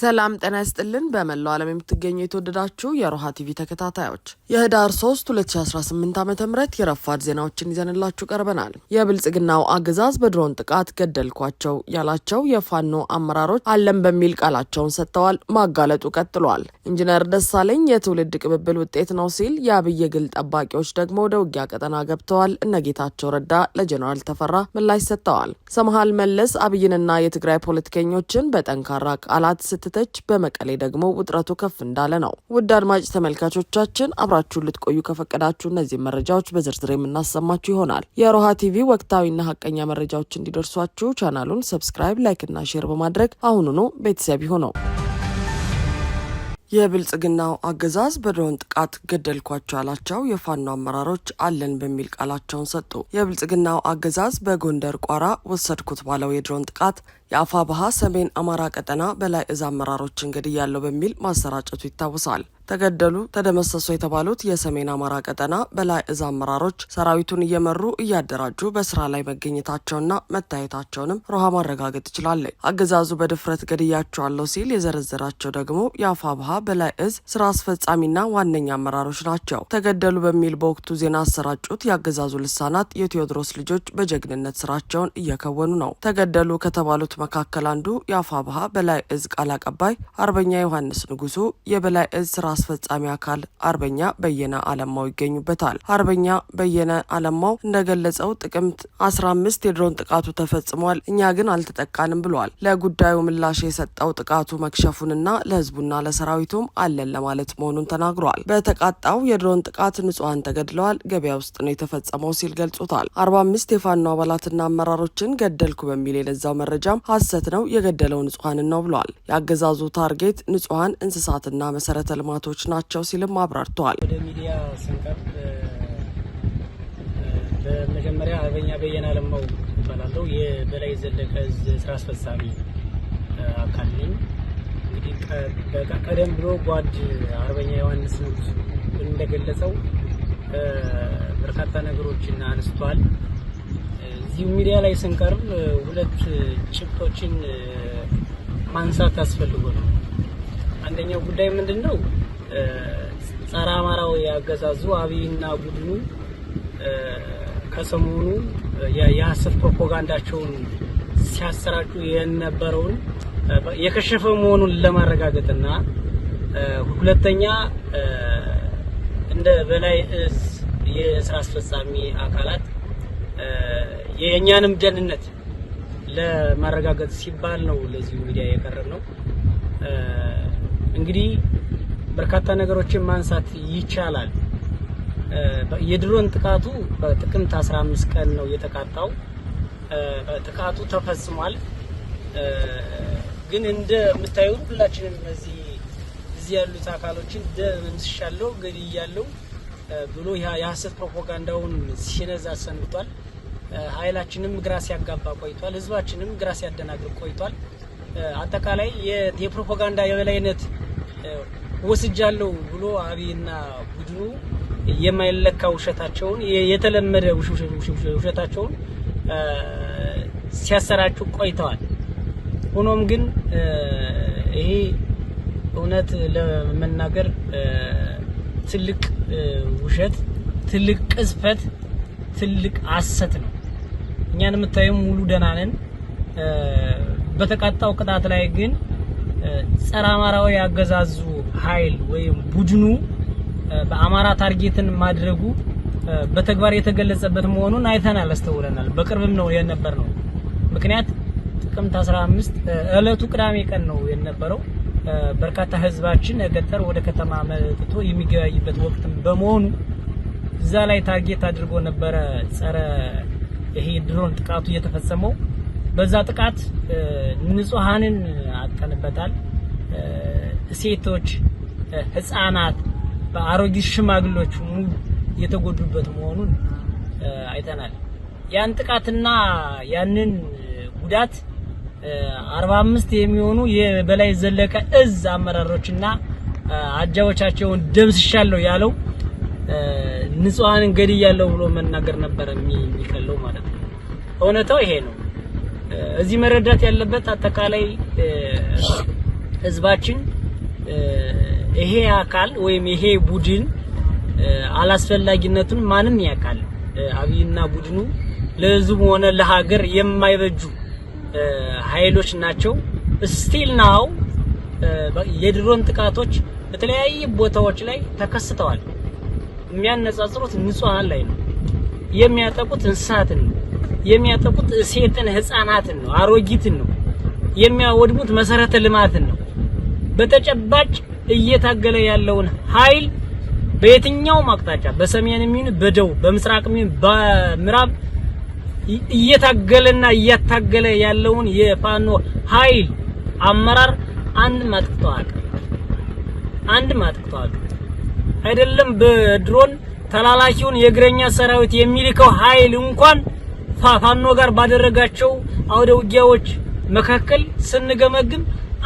ሰላም ጤና ይስጥልን። በመላው ዓለም የምትገኙ የተወደዳችሁ የሮሃ ቲቪ ተከታታዮች የህዳር 3 2018 ዓ ም የረፋድ ዜናዎችን ይዘንላችሁ ቀርበናል። የብልጽግናው አገዛዝ በድሮን ጥቃት ገደልኳቸው ያላቸው የፋኖ አመራሮች አለም በሚል ቃላቸውን ሰጥተዋል። ማጋለጡ ቀጥሏል። ኢንጂነር ደሳለኝ የትውልድ ቅብብል ውጤት ነው ሲል የአብይ ግል ጠባቂዎች ደግሞ ወደ ውጊያ ቀጠና ገብተዋል። እነጌታቸው ረዳ ለጀኔራል ተፈራ ምላሽ ሰጥተዋል። ሰምሃል መለስ አብይንና የትግራይ ፖለቲከኞችን በጠንካራ ቃላት ስት እያትተች፣ በመቀሌ ደግሞ ውጥረቱ ከፍ እንዳለ ነው። ውድ አድማጭ ተመልካቾቻችን አብራችሁን ልትቆዩ ከፈቀዳችሁ እነዚህ መረጃዎች በዝርዝር የምናሰማችሁ ይሆናል። የሮሃ ቲቪ ወቅታዊና ሀቀኛ መረጃዎች እንዲደርሷችሁ ቻናሉን ሰብስክራይብ፣ ላይክና ሼር በማድረግ አሁኑኑ ቤተሰብ ይሁነው። የብልጽግናው አገዛዝ በድሮን ጥቃት ገደልኳቸው ያላቸው የፋኖ አመራሮች አለን በሚል ቃላቸውን ሰጡ። የብልጽግናው አገዛዝ በጎንደር ቋራ ወሰድኩት ባለው የድሮን ጥቃት የአፋ የአፋብሃ ሰሜን አማራ ቀጠና በላይ እዝ አመራሮችን ገድያለሁ በሚል ማሰራጨቱ ይታወሳል። ተገደሉ፣ ተደመሰሱ የተባሉት የሰሜን አማራ ቀጠና በላይ እዝ አመራሮች ሰራዊቱን እየመሩ እያደራጁ በስራ ላይ መገኘታቸውና መታየታቸውንም ሮሃ ማረጋገጥ ይችላለች። አገዛዙ በድፍረት ገድያቸዋለሁ ሲል የዘረዘራቸው ደግሞ የአፋብሃ በላይ እዝ ስራ አስፈጻሚና ዋነኛ አመራሮች ናቸው። ተገደሉ በሚል በወቅቱ ዜና አሰራጩት የአገዛዙ ልሳናት የቴዎድሮስ ልጆች በጀግንነት ስራቸውን እየከወኑ ነው። ተገደሉ ከተባሉት መካከል አንዱ የአፋ ባሀ በላይ እዝ ቃል አቀባይ አርበኛ ዮሐንስ ንጉሱ፣ የበላይ እዝ ስራ አስፈጻሚ አካል አርበኛ በየነ አለማው ይገኙበታል። አርበኛ በየነ አለማው እንደገለጸው ጥቅምት 15 የድሮን ጥቃቱ ተፈጽሟል፣ እኛ ግን አልተጠቃንም ብሏል። ለጉዳዩ ምላሽ የሰጠው ጥቃቱ መክሸፉንና ለህዝቡና ለሰራዊቱም አለን ለማለት መሆኑን ተናግሯል። በተቃጣው የድሮን ጥቃት ንጹሐን ተገድለዋል፣ ገበያ ውስጥ ነው የተፈጸመው ሲል ገልጾታል። አርባ አምስት የፋኖ አባላትና አመራሮችን ገደልኩ በሚል የነዛው መረጃም ሐሰት ነው፣ የገደለው ንጹሐንን ነው ብሏል። የአገዛዙ ታርጌት ንጹሐን እንስሳትና መሰረተ ልማቶች ናቸው ሲልም አብራርተዋል። ወደ ሚዲያ ስንቀርብ በመጀመሪያ አርበኛ በየነ አለማው እባላለሁ። የበላይ ዘለቀ እዝ ስራ አስፈጻሚ አካል ነኝ። እንግዲህ ቀደም ብሎ ጓድ አርበኛ ዮሐንስ እንደገለጸው በርካታ ነገሮችን አንስቷል። እዚሁ ሚዲያ ላይ ስንቀርብ ሁለት ጭብጦችን ማንሳት አስፈልጎ ነው። አንደኛው ጉዳይ ምንድን ነው? ጸረ አማራው ያገዛዙ አብይና ቡድኑ ከሰሞኑ የሀሰት ፕሮፓጋንዳቸውን ሲያሰራጩ የነበረውን የከሸፈ መሆኑን ለማረጋገጥና ሁለተኛ እንደ በላይ እዝ የስራ አስፈጻሚ አካላት የእኛንም ደህንነት ለማረጋገጥ ሲባል ነው ለዚሁ ሚዲያ የቀረብ ነው። እንግዲህ በርካታ ነገሮችን ማንሳት ይቻላል። የድሮን ጥቃቱ በጥቅምት 15 ቀን ነው የተቃጣው። ጥቃቱ ተፈጽሟል። ግን ምታዩ ሁላችንም እዚህ እዚህ ያሉት አካሎችን ደምስሻለሁ፣ ገድያለሁ ብሎ የሀሰት ፕሮፓጋንዳውን ሲነዛ ሰንብቷል። ኃይላችንም ግራ ሲያጋባ ቆይቷል። ህዝባችንም ግራ ሲያደናግር ቆይቷል። አጠቃላይ የፕሮፓጋንዳ የበላይነት ወስጃለሁ ብሎ አብይና ቡድኑ የማይለካ ውሸታቸውን የተለመደ ውሸታቸውን ሲያሰራጩ ቆይተዋል። ሆኖም ግን ይሄ እውነት ለመናገር ትልቅ ውሸት፣ ትልቅ ቅስፈት ትልቅ አሰት ነው። እኛን የምታዩም ሙሉ ደህና ነን። በተቃጣው ቅጣት ላይ ግን ጸረ አማራዊ ያገዛዙ ኃይል ወይም ቡድኑ በአማራ ታርጌትን ማድረጉ በተግባር የተገለጸበት መሆኑን አይተናል፣ አስተውለናል። በቅርብም ነው የነበር ነው። ምክንያት ጥቅምት 15 እለቱ ቅዳሜ ቀን ነው የነበረው። በርካታ ህዝባችን ገጠር ወደ ከተማ መጥቶ የሚገባይበት ወቅት በመሆኑ እዛ ላይ ታርጌት አድርጎ ነበረ ጸረ ይሄ ድሮን ጥቃቱ እየተፈጸመው በዛ ጥቃት ንጹሃንን አጥቀንበታል። ሴቶች፣ ህፃናት፣ በአሮጊት ሽማግሎች ሙሉ የተጎዱበት መሆኑን አይተናል። ያን ጥቃትና ያንን ጉዳት 45 የሚሆኑ የበላይ ዘለቀ እዝ አመራሮችና አጃቦቻቸውን ደምስሻለሁ ያለው ንጹሐንን ገድያለሁ ብሎ መናገር ነበር የሚቀለው ማለት ነው። እውነታው ይሄ ነው። እዚህ መረዳት ያለበት አጠቃላይ ህዝባችን ይሄ አካል ወይም ይሄ ቡድን አላስፈላጊነቱን ማንም ያውቃል። አብይና ቡድኑ ለህዝቡ ሆነ ለሀገር የማይበጁ ኃይሎች ናቸው። ስቲል ናው የድሮን ጥቃቶች በተለያየ ቦታዎች ላይ ተከስተዋል። የሚያነጻጽሩት ንጹሃን ላይ ነው። የሚያጠቁት እንስሳትን ነው። የሚያጠቁት ሴትን፣ ህፃናትን ነው፣ አሮጊትን ነው። የሚያወድሙት መሰረተ ልማትን ነው። በተጨባጭ እየታገለ ያለውን ኃይል በየትኛውም አቅጣጫ በሰሜን የሚሆን በደቡብ በምስራቅ የሚሆን በምዕራብ እየታገለና እያታገለ ያለውን የፋኖ ኃይል አመራር አንድም አጥቅቶ አያውቅም። አንድም አጥቅቶ አያውቅም። አይደለም በድሮን ተላላኪውን የእግረኛ ሰራዊት የሚልከው ኃይል እንኳን ፋኖ ጋር ባደረጋቸው አውደ ውጊያዎች መካከል ስንገመግም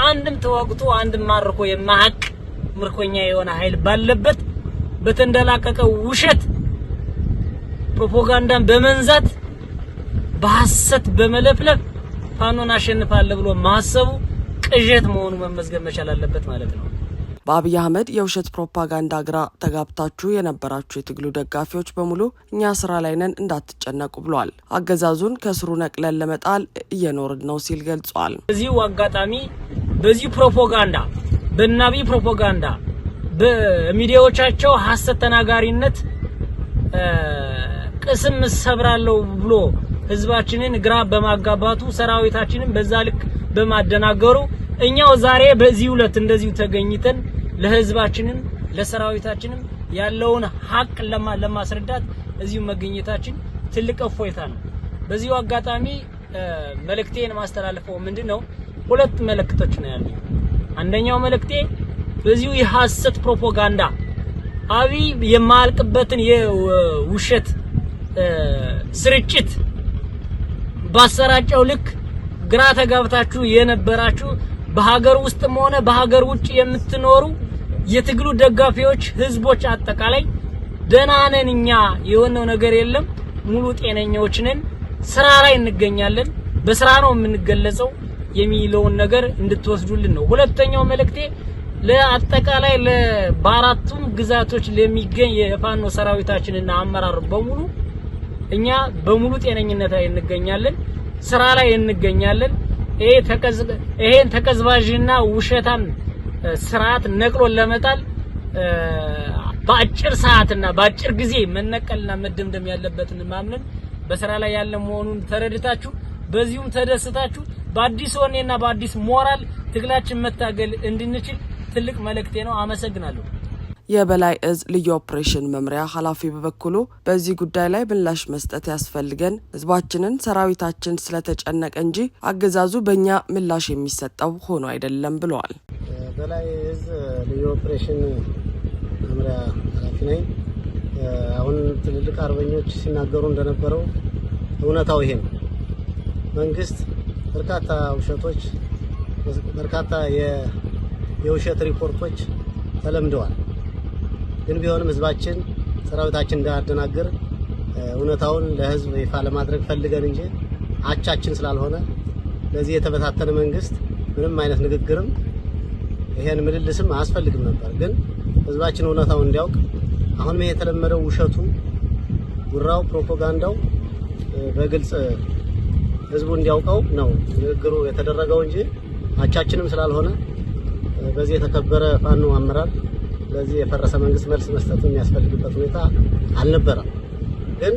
አንድም ተዋግቶ አንድም ማርኮ የማያውቅ ምርኮኛ የሆነ ኃይል ባለበት በተንደላቀቀ ውሸት ፕሮፓጋንዳን በመንዛት በሐሰት በመለፍለፍ ፋኖን አሸንፋለ ብሎ ማሰቡ ቅዠት መሆኑ መመዝገብ መቻል አለበት ማለት ነው። በአብይ አህመድ የውሸት ፕሮፓጋንዳ ግራ ተጋብታችሁ የነበራችሁ የትግሉ ደጋፊዎች በሙሉ እኛ ስራ ላይ ነን እንዳትጨነቁ ብሏል። አገዛዙን ከስሩ ነቅለን ለመጣል እየኖርን ነው ሲል ገልጿል። በዚሁ አጋጣሚ በዚሁ ፕሮፓጋንዳ በናቢ ፕሮፓጋንዳ በሚዲያዎቻቸው ሀሰት ተናጋሪነት ቅስም ሰብራለሁ ብሎ ህዝባችንን ግራ በማጋባቱ ሰራዊታችንን በዛ ልክ በማደናገሩ እኛው ዛሬ በዚህ ሁለት እንደዚሁ ተገኝተን ለህዝባችንም ለሰራዊታችንም ያለውን ሀቅ ለማስረዳት እዚሁ መገኘታችን ትልቅ እፎይታ ነው። በዚሁ አጋጣሚ መልእክቴን ማስተላልፈው ምንድን ነው? ሁለት መልእክቶች ነው ያሉኝ። አንደኛው መልእክቴ በዚሁ የሐሰት ፕሮፓጋንዳ አብይ የማያልቅበትን የውሸት ስርጭት ባሰራጨው ልክ ግራ ተጋብታችሁ የነበራችሁ በሀገር ውስጥም ሆነ በሀገር ውጭ የምትኖሩ የትግሉ ደጋፊዎች፣ ህዝቦች አጠቃላይ ደህና ነን እኛ የሆነው ነገር የለም ሙሉ ጤነኞች ነን፣ ስራ ላይ እንገኛለን፣ በስራ ነው የምንገለጸው የሚለውን ነገር እንድትወስዱልን ነው። ሁለተኛው መልእክቴ ለአጠቃላይ በአራቱም ግዛቶች ለሚገኝ የፋኖ ሰራዊታችንና አመራር በሙሉ እኛ በሙሉ ጤነኝነት ላይ እንገኛለን፣ ስራ ላይ እንገኛለን። ይሄን ተቀዝባዥና ውሸታም ስርዓት ነቅሎን ለመጣል በአጭር ሰዓትና በአጭር ጊዜ መነቀልና መደምደም ያለበትን ማምነን በስራ ላይ ያለ መሆኑን ተረድታችሁ በዚሁም ተደስታችሁ በአዲስ ወኔና በአዲስ ሞራል ትግላችን መታገል እንድንችል ትልቅ መልእክቴ ነው። አመሰግናለሁ። የበላይ እዝ ልዩ ኦፕሬሽን መምሪያ ኃላፊ በበኩሉ በዚህ ጉዳይ ላይ ምላሽ መስጠት ያስፈልገን፣ ህዝባችንን ሰራዊታችን ስለተጨነቀ እንጂ አገዛዙ በእኛ ምላሽ የሚሰጠው ሆኖ አይደለም ብለዋል። በላይ ህዝብ ልዩ ኦፕሬሽን መምሪያ ኃላፊ ነኝ። አሁን ትልልቅ አርበኞች ሲናገሩ እንደነበረው እውነታው ይሄ ነው። መንግስት በርካታ ውሸቶች፣ በርካታ የውሸት ሪፖርቶች ተለምደዋል። ግን ቢሆንም ህዝባችን ሰራዊታችን እንዳያደናግር እውነታውን ለህዝብ ይፋ ለማድረግ ፈልገን እንጂ አቻችን ስላልሆነ ለዚህ የተበታተነ መንግስት ምንም አይነት ንግግርም ይሄን ምልልስም አያስፈልግም ነበር። ግን ህዝባችን እውነታው እንዲያውቅ አሁን ይሄ የተለመደው ውሸቱ፣ ጉራው፣ ፕሮፓጋንዳው በግልጽ ህዝቡ እንዲያውቀው ነው ንግግሩ የተደረገው እንጂ አቻችንም ስላልሆነ በዚህ የተከበረ ፋኖ አመራር ለዚህ የፈረሰ መንግስት መልስ መስጠት የሚያስፈልግበት ሁኔታ አልነበረም ግን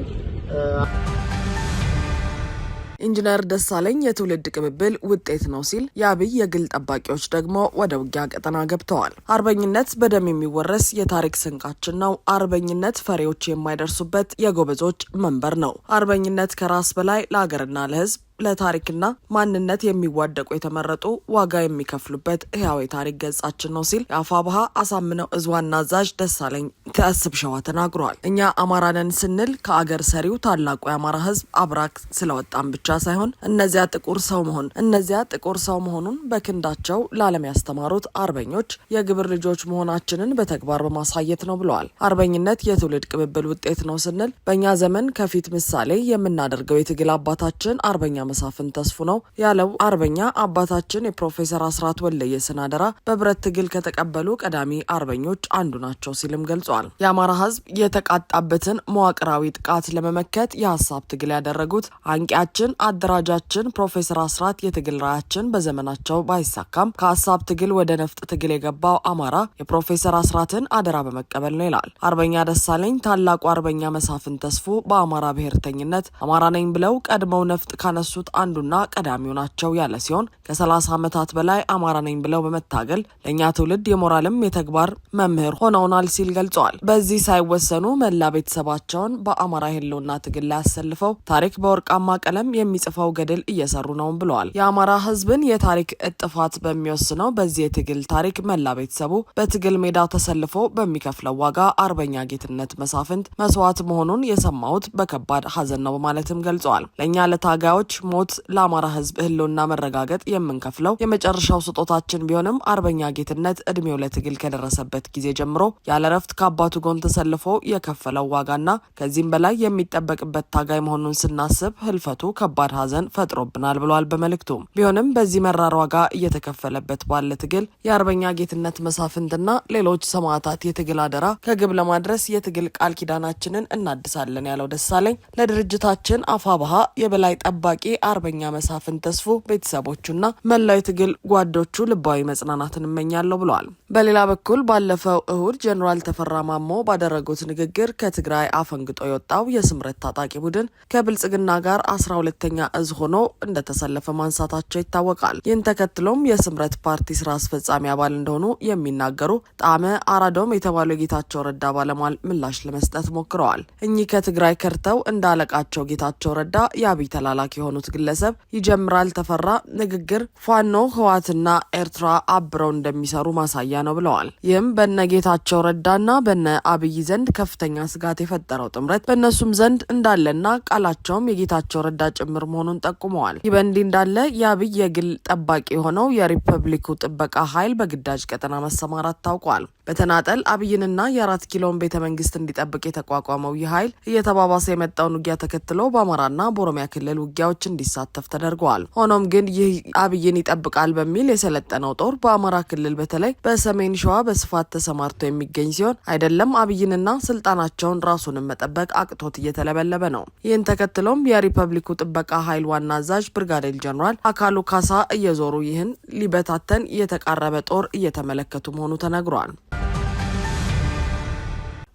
ኢንጂነር ደሳለኝ የትውልድ ቅብብል ውጤት ነው ሲል የአብይ የግል ጠባቂዎች ደግሞ ወደ ውጊያ ቀጠና ገብተዋል። አርበኝነት በደም የሚወረስ የታሪክ ስንቃችን ነው። አርበኝነት ፈሪዎች የማይደርሱበት የጎበዞች መንበር ነው። አርበኝነት ከራስ በላይ ለሀገርና ለሕዝብ ለታሪክና ማንነት የሚዋደቁ የተመረጡ ዋጋ የሚከፍሉበት ህያው የታሪክ ገጻችን ነው ሲል የአፋብሃ አሳምነው እዝ ዋና አዛዥ ደሳለኝ ተስብ ሸዋ ተናግረዋል። እኛ አማራነን ስንል ከአገር ሰሪው ታላቁ የአማራ ህዝብ አብራክ ስለወጣም ብቻ ሳይሆን እነዚያ ጥቁር ሰው መሆን እነዚያ ጥቁር ሰው መሆኑን በክንዳቸው ለዓለም ያስተማሩት አርበኞች የግብር ልጆች መሆናችንን በተግባር በማሳየት ነው ብለዋል። አርበኝነት የትውልድ ቅብብል ውጤት ነው ስንል በእኛ ዘመን ከፊት ምሳሌ የምናደርገው የትግል አባታችን አርበኛ መሳፍን ተስፉ ነው ያለው አርበኛ አባታችን የፕሮፌሰር አስራት ወልደየስን አደራ በብረት ትግል ከተቀበሉ ቀዳሚ አርበኞች አንዱ ናቸው ሲልም ገልጿል። የአማራ ህዝብ የተቃጣበትን መዋቅራዊ ጥቃት ለመመከት የሀሳብ ትግል ያደረጉት አንቂያችን አደራጃችን ፕሮፌሰር አስራት የትግል ራያችን በዘመናቸው ባይሳካም ከሀሳብ ትግል ወደ ነፍጥ ትግል የገባው አማራ የፕሮፌሰር አስራትን አደራ በመቀበል ነው ይላል አርበኛ ደሳለኝ። ታላቁ አርበኛ መሳፍን ተስፉ በአማራ ብሔርተኝነት አማራ ነኝ ብለው ቀድመው ነፍጥ ካነሱ ከተነሱት አንዱና ቀዳሚው ናቸው ያለ ሲሆን ከሰላሳ ዓመታት በላይ አማራ ነኝ ብለው በመታገል ለእኛ ትውልድ የሞራልም የተግባር መምህር ሆነውናል ሲል ገልጸዋል። በዚህ ሳይወሰኑ መላ ቤተሰባቸውን በአማራ ህልውና ትግል ላይ አሰልፈው ታሪክ በወርቃማ ቀለም የሚጽፈው ገድል እየሰሩ ነው ብለዋል። የአማራ ህዝብን የታሪክ እጥፋት በሚወስነው በዚህ የትግል ታሪክ መላ ቤተሰቡ በትግል ሜዳ ተሰልፎ በሚከፍለው ዋጋ አርበኛ ጌትነት መሳፍንት መስዋዕት መሆኑን የሰማሁት በከባድ ሀዘን ነው በማለትም ገልጸዋል። ለእኛ ለታጋዮች ሞት ለአማራ ህዝብ ህልውና መረጋገጥ የምንከፍለው የመጨረሻው ስጦታችን ቢሆንም አርበኛ ጌትነት እድሜው ለትግል ከደረሰበት ጊዜ ጀምሮ ያለ ረፍት ከአባቱ ጎን ተሰልፎ የከፈለው ዋጋና ከዚህም በላይ የሚጠበቅበት ታጋይ መሆኑን ስናስብ ህልፈቱ ከባድ ሀዘን ፈጥሮብናል ብሏል በመልእክቱ። ቢሆንም በዚህ መራር ዋጋ እየተከፈለበት ባለ ትግል የአርበኛ ጌትነት መሳፍንትና ሌሎች ሰማዕታት የትግል አደራ ከግብ ለማድረስ የትግል ቃል ኪዳናችንን እናድሳለን ያለው ደሳለኝ ለድርጅታችን አፋ ባሃ የበላይ ጠባቂ አርበኛ መሳፍን ተስፎ ቤተሰቦቹና መላው የትግል ጓዶቹ ልባዊ መጽናናትን እመኛለሁ ብለዋል። በሌላ በኩል ባለፈው እሁድ ጀኔራል ተፈራ ማሞ ባደረጉት ንግግር ከትግራይ አፈንግጦ የወጣው የስምረት ታጣቂ ቡድን ከብልጽግና ጋር አስራ ሁለተኛ እዝ ሆኖ እንደተሰለፈ ማንሳታቸው ይታወቃል። ይህን ተከትሎም የስምረት ፓርቲ ስራ አስፈጻሚ አባል እንደሆኑ የሚናገሩ ጣመ አራዶም የተባሉ የጌታቸው ረዳ ባለሟል ምላሽ ለመስጠት ሞክረዋል። እኚህ ከትግራይ ከርተው እንደ አለቃቸው ጌታቸው ረዳ የአብይ ተላላኪ የሆኑት የሆኑት ግለሰብ ይጀምራል ተፈራ ንግግር ፋኖ ህወሓትና ኤርትራ አብረው እንደሚሰሩ ማሳያ ነው ብለዋል። ይህም በነ ጌታቸው ረዳና በነ አብይ ዘንድ ከፍተኛ ስጋት የፈጠረው ጥምረት በእነሱም ዘንድ እንዳለና ቃላቸውም የጌታቸው ረዳ ጭምር መሆኑን ጠቁመዋል። ይህ በእንዲህ እንዳለ የአብይ የግል ጠባቂ የሆነው የሪፐብሊኩ ጥበቃ ኃይል በግዳጅ ቀጠና መሰማራት ታውቋል። በተናጠል አብይንና የአራት ኪሎን ቤተ መንግስት እንዲጠብቅ የተቋቋመው ይህ ኃይል እየተባባሰ የመጣውን ውጊያ ተከትሎ በአማራና በኦሮሚያ ክልል ውጊያዎች እንዲሳተፍ ተደርገዋል። ሆኖም ግን ይህ አብይን ይጠብቃል በሚል የሰለጠነው ጦር በአማራ ክልል በተለይ በሰሜን ሸዋ በስፋት ተሰማርቶ የሚገኝ ሲሆን አይደለም አብይንና ስልጣናቸውን ራሱንም መጠበቅ አቅቶት እየተለበለበ ነው። ይህን ተከትሎም የሪፐብሊኩ ጥበቃ ኃይል ዋና አዛዥ ብርጋዴር ጀኔራል አካሉ ካሳ እየዞሩ ይህን ሊበታተን እየተቃረበ ጦር እየተመለከቱ መሆኑ ተነግሯል።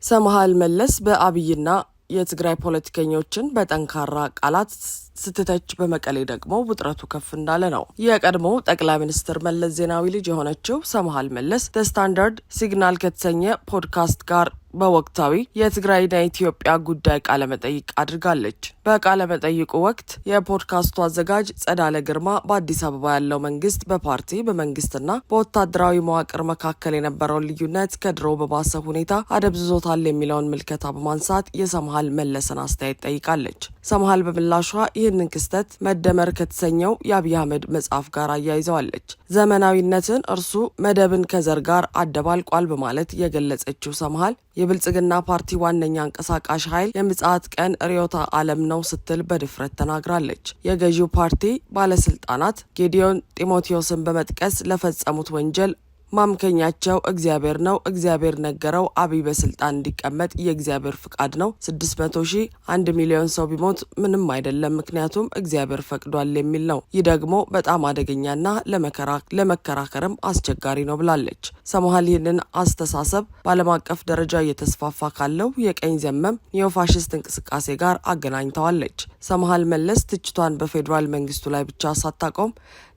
ሰምሃል መለስ በአብይና የትግራይ ፖለቲከኞችን በጠንካራ ቃላት ስትተች በመቀሌ ደግሞ ውጥረቱ ከፍ እንዳለ ነው። የቀድሞው ጠቅላይ ሚኒስትር መለስ ዜናዊ ልጅ የሆነችው ሰምሃል መለስ ደ ስታንዳርድ ሲግናል ከተሰኘ ፖድካስት ጋር በወቅታዊ የትግራይና የኢትዮጵያ ጉዳይ ቃለመጠይቅ አድርጋለች። በቃለመጠይቁ ወቅት የፖድካስቱ አዘጋጅ ጸዳለ ግርማ በአዲስ አበባ ያለው መንግስት በፓርቲ በመንግስትና በወታደራዊ መዋቅር መካከል የነበረውን ልዩነት ከድሮ በባሰ ሁኔታ አደብዝዞታል የሚለውን ምልከታ በማንሳት የሰምሃል መለሰን አስተያየት ጠይቃለች። ሰምሃል በምላሿ ይህንን ክስተት መደመር ከተሰኘው የአብይ አህመድ መጽሐፍ ጋር አያይዘዋለች። ዘመናዊነትን እርሱ መደብን ከዘር ጋር አደባልቋል በማለት የገለጸችው ሰምሃል የብልጽግና ፓርቲ ዋነኛ አንቀሳቃሽ ኃይል የምጽአት ቀን ርዕዮተ ዓለም ነው ስትል በድፍረት ተናግራለች። የገዢው ፓርቲ ባለስልጣናት ጌዲዮን ጢሞቴዎስን በመጥቀስ ለፈጸሙት ወንጀል ማምከኛቸው እግዚአብሔር ነው። እግዚአብሔር ነገረው። አብይ በስልጣን እንዲቀመጥ የእግዚአብሔር ፍቃድ ነው። ስድስት መቶ ሺህ አንድ ሚሊዮን ሰው ቢሞት ምንም አይደለም፣ ምክንያቱም እግዚአብሔር ፈቅዷል የሚል ነው። ይህ ደግሞ በጣም አደገኛና ለመከራከርም አስቸጋሪ ነው ብላለች። ሰመሃል ይህንን አስተሳሰብ በዓለም አቀፍ ደረጃ እየተስፋፋ ካለው የቀኝ ዘመም የፋሽስት እንቅስቃሴ ጋር አገናኝተዋለች። ሰመሃል መለስ ትችቷን በፌዴራል መንግስቱ ላይ ብቻ ሳታቆም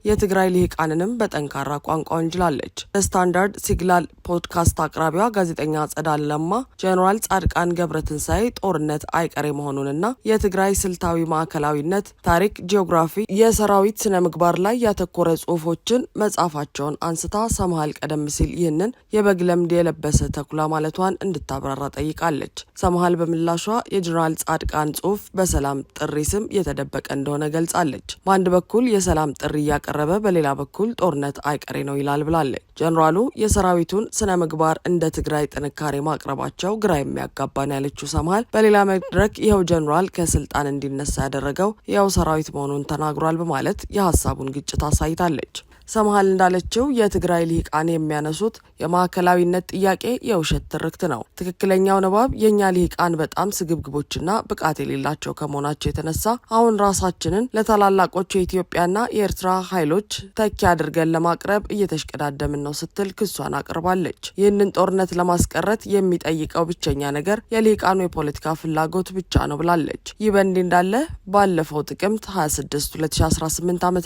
የትግራይ ልሂቃንንም በጠንካራ ቋንቋ ወንጅላለች። ስታንዳርድ ሲግናል ፖድካስት አቅራቢዋ ጋዜጠኛ ጸዳል ለማ ጄኔራል ጻድቃን ገብረትንሳኤ ጦርነት አይቀሬ መሆኑንና የትግራይ ስልታዊ ማዕከላዊነት፣ ታሪክ፣ ጂኦግራፊ፣ የሰራዊት ስነ ምግባር ላይ ያተኮረ ጽሁፎችን መጻፋቸውን አንስታ ሰምሃል ቀደም ሲል ይህንን የበግ ለምድ የለበሰ ተኩላ ማለቷን እንድታብራራ ጠይቃለች። ሰምሃል በምላሿ የጄኔራል ጻድቃን ጽሁፍ በሰላም ጥሪ ስም የተደበቀ እንደሆነ ገልጻለች። በአንድ በኩል የሰላም ጥሪ እያቀረበ በሌላ በኩል ጦርነት አይቀሬ ነው ይላል ብላለች። ጀኔራሉ የሰራዊቱን ስነ ምግባር እንደ ትግራይ ጥንካሬ ማቅረባቸው ግራ የሚያጋባ ነው ያለችው ሰምሃል በሌላ መድረክ ይኸው ጀኔራል ከስልጣን እንዲነሳ ያደረገው ያው ሰራዊት መሆኑን ተናግሯል በማለት የሀሳቡን ግጭት አሳይታለች። ሰምሃል እንዳለችው የትግራይ ልሂቃን የሚያነሱት የማዕከላዊነት ጥያቄ የውሸት ትርክት ነው። ትክክለኛው ንባብ የእኛ ልሂቃን በጣም ስግብግቦችና ብቃት የሌላቸው ከመሆናቸው የተነሳ አሁን ራሳችንን ለታላላቆቹ የኢትዮጵያና የኤርትራ ኃይሎች ተኪ አድርገን ለማቅረብ እየተሽቀዳደምን ነው ስትል ክሷን አቅርባለች። ይህንን ጦርነት ለማስቀረት የሚጠይቀው ብቸኛ ነገር የልሂቃኑ የፖለቲካ ፍላጎት ብቻ ነው ብላለች። ይህ በእንዲህ እንዳለ ባለፈው ጥቅምት 26 2018 ዓ ም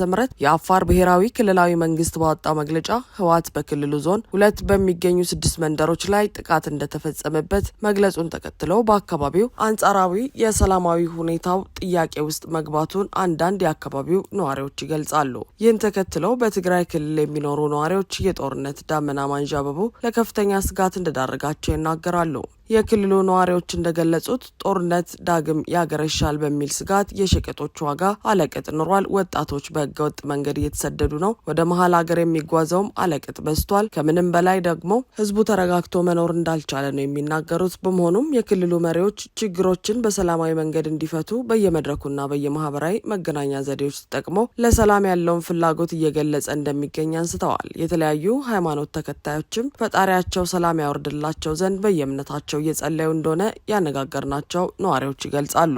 የአፋር ብሔራዊ ክልላዊ ክልላዊ መንግስት ባወጣው መግለጫ ህወሓት በክልሉ ዞን ሁለት በሚገኙ ስድስት መንደሮች ላይ ጥቃት እንደተፈጸመበት መግለጹን ተከትሎ በአካባቢው አንጻራዊ የሰላማዊ ሁኔታው ጥያቄ ውስጥ መግባቱን አንዳንድ የአካባቢው ነዋሪዎች ይገልጻሉ። ይህን ተከትሎ በትግራይ ክልል የሚኖሩ ነዋሪዎች የጦርነት ዳመና ማንዣበቡ ለከፍተኛ ስጋት እንደዳረጋቸው ይናገራሉ። የክልሉ ነዋሪዎች እንደገለጹት ጦርነት ዳግም ያገረሻል በሚል ስጋት የሸቀጦች ዋጋ አለቅጥ ኑሯል። ወጣቶች በህገወጥ መንገድ እየተሰደዱ ነው። ወደ መሀል ሀገር የሚጓዘውም አለቅጥ በዝቷል። ከምንም በላይ ደግሞ ህዝቡ ተረጋግቶ መኖር እንዳልቻለ ነው የሚናገሩት። በመሆኑም የክልሉ መሪዎች ችግሮችን በሰላማዊ መንገድ እንዲፈቱ በየመድረኩና በየማህበራዊ መገናኛ ዘዴዎች ተጠቅሞ ለሰላም ያለውን ፍላጎት እየገለጸ እንደሚገኝ አንስተዋል። የተለያዩ ሃይማኖት ተከታዮችም ፈጣሪያቸው ሰላም ያወርድላቸው ዘንድ በየእምነታቸው እየጸለዩ እንደሆነ ያነጋገርናቸው ነዋሪዎች ይገልጻሉ።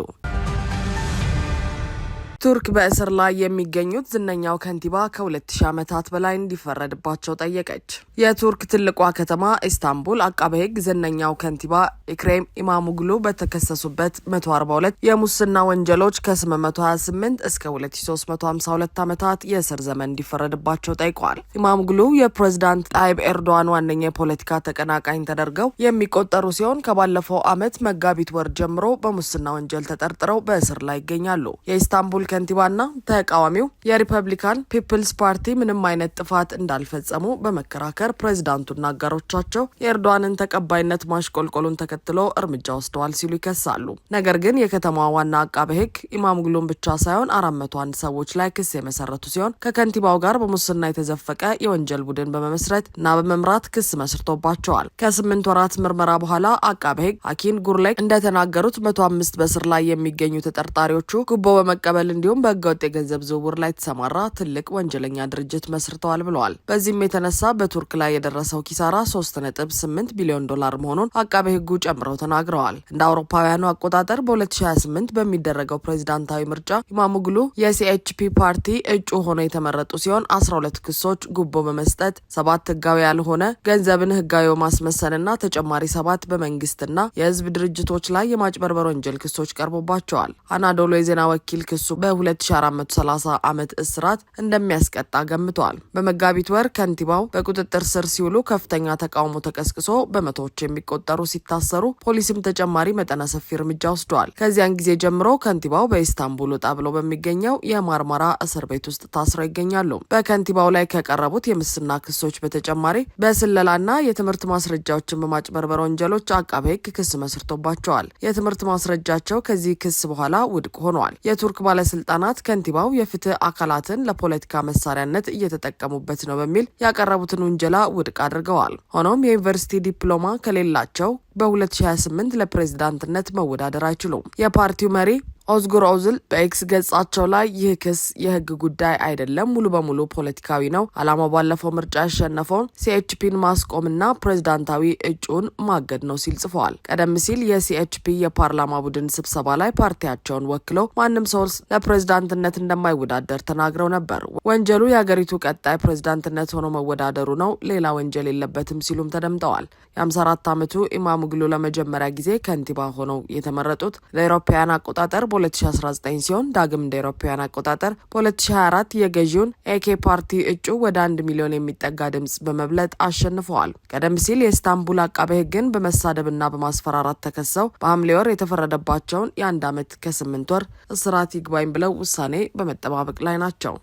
ቱርክ በእስር ላይ የሚገኙት ዝነኛው ከንቲባ ከ2000 ዓመታት በላይ እንዲፈረድባቸው ጠየቀች። የቱርክ ትልቋ ከተማ ኢስታንቡል አቃቤ ሕግ ዝነኛው ከንቲባ ኢክሬም ኢማሙግሉ በተከሰሱበት 142 የሙስና ወንጀሎች ከ828 እስከ 2352 ዓመታት የእስር ዘመን እንዲፈረድባቸው ጠይቋል። ኢማሙግሉ የፕሬዝዳንት ጣይብ ኤርዶዋን ዋነኛ የፖለቲካ ተቀናቃኝ ተደርገው የሚቆጠሩ ሲሆን ከባለፈው ዓመት መጋቢት ወር ጀምሮ በሙስና ወንጀል ተጠርጥረው በእስር ላይ ይገኛሉ። የኢስታንቡል ከንቲባና ተቃዋሚው የሪፐብሊካን ፒፕልስ ፓርቲ ምንም አይነት ጥፋት እንዳልፈጸሙ በመከራከር ፕሬዚዳንቱና አጋሮቻቸው የኤርዶዋንን ተቀባይነት ማሽቆልቆሉን ተከትሎ እርምጃ ወስደዋል ሲሉ ይከሳሉ። ነገር ግን የከተማዋ ዋና አቃቤ ሕግ ኢማሙግሉን ብቻ ሳይሆን አራት መቶ አንድ ሰዎች ላይ ክስ የመሰረቱ ሲሆን ከከንቲባው ጋር በሙስና የተዘፈቀ የወንጀል ቡድን በመመስረት እና በመምራት ክስ መስርቶባቸዋል። ከስምንት ወራት ምርመራ በኋላ አቃቤ ሕግ አኪን ጉርሌክ እንደተናገሩት መቶ አምስት በስር ላይ የሚገኙ ተጠርጣሪዎቹ ጉቦ በመቀበል እንዲሁም በህገወጥ የገንዘብ ዝውውር ላይ የተሰማራ ትልቅ ወንጀለኛ ድርጅት መስርተዋል ብለዋል። በዚህም የተነሳ በቱርክ ላይ የደረሰው ኪሳራ ሶስት ነጥብ ስምንት ቢሊዮን ዶላር መሆኑን አቃቤ ህጉ ጨምረው ተናግረዋል። እንደ አውሮፓውያኑ አቆጣጠር በ2028 በሚደረገው ፕሬዚዳንታዊ ምርጫ ኢማሙግሉ የሲኤችፒ ፓርቲ እጩ ሆነው የተመረጡ ሲሆን 12 ክሶች ጉቦ በመስጠት ሰባት ህጋዊ ያልሆነ ገንዘብን ህጋዊ በማስመሰልና ተጨማሪ ሰባት በመንግስትና የህዝብ ድርጅቶች ላይ የማጭበርበር ወንጀል ክሶች ቀርቦባቸዋል። አናዶሎ የዜና ወኪል ክሱ በ2430 ዓመት እስራት እንደሚያስቀጣ ገምቷል። በመጋቢት ወር ከንቲባው በቁጥጥር ስር ሲውሉ ከፍተኛ ተቃውሞ ተቀስቅሶ በመቶዎች የሚቆጠሩ ሲታሰሩ፣ ፖሊስም ተጨማሪ መጠነ ሰፊ እርምጃ ወስደዋል። ከዚያን ጊዜ ጀምሮ ከንቲባው በኢስታንቡል ወጣ ብሎ በሚገኘው የማርማራ እስር ቤት ውስጥ ታስረው ይገኛሉ። በከንቲባው ላይ ከቀረቡት የምስና ክሶች በተጨማሪ በስለላና የትምህርት ማስረጃዎችን በማጭበርበር ወንጀሎች አቃቤ ሕግ ክስ መስርቶባቸዋል። የትምህርት ማስረጃቸው ከዚህ ክስ በኋላ ውድቅ ሆኗል። የቱርክ ባለስልጣ ባለስልጣናት ከንቲባው የፍትህ አካላትን ለፖለቲካ መሳሪያነት እየተጠቀሙበት ነው በሚል ያቀረቡትን ውንጀላ ውድቅ አድርገዋል። ሆኖም የዩኒቨርሲቲ ዲፕሎማ ከሌላቸው በ2028 ለፕሬዝዳንትነት መወዳደር አይችሉም። የፓርቲው መሪ ኦዝጉር ኦዝል በኤክስ ገጻቸው ላይ ይህ ክስ የህግ ጉዳይ አይደለም፣ ሙሉ በሙሉ ፖለቲካዊ ነው። አላማው ባለፈው ምርጫ ያሸነፈውን ሲኤችፒን ማስቆምና ፕሬዝዳንታዊ እጩን ማገድ ነው ሲል ጽፈዋል። ቀደም ሲል የሲኤችፒ የፓርላማ ቡድን ስብሰባ ላይ ፓርቲያቸውን ወክለው ማንም ሰው ለፕሬዝዳንትነት እንደማይወዳደር ተናግረው ነበር። ወንጀሉ የሀገሪቱ ቀጣይ ፕሬዝዳንትነት ሆኖ መወዳደሩ ነው፣ ሌላ ወንጀል የለበትም ሲሉም ተደምጠዋል። የ54 ዓመቱ ኢማሙግሉ ለመጀመሪያ ጊዜ ከንቲባ ሆነው የተመረጡት ለአውሮፓውያን አቆጣጠር 2019 ሲሆን ዳግም እንደ ኤሮፓውያን አቆጣጠር በ2024 የገዢውን ኤኬ ፓርቲ እጩ ወደ አንድ ሚሊዮን የሚጠጋ ድምጽ በመብለጥ አሸንፈዋል። ቀደም ሲል የኢስታንቡል አቃቤ ሕግን በመሳደብና በማስፈራራት ተከሰው በሐምሌ ወር የተፈረደባቸውን የአንድ ዓመት ከስምንት ወር እስራት ይግባኝ ብለው ውሳኔ በመጠባበቅ ላይ ናቸው።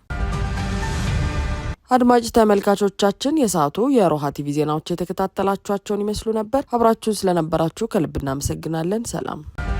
አድማጭ ተመልካቾቻችን የሰዓቱ የሮሃ ቲቪ ዜናዎች የተከታተላችኋቸውን ይመስሉ ነበር። አብራችሁን ስለነበራችሁ ከልብ እናመሰግናለን። ሰላም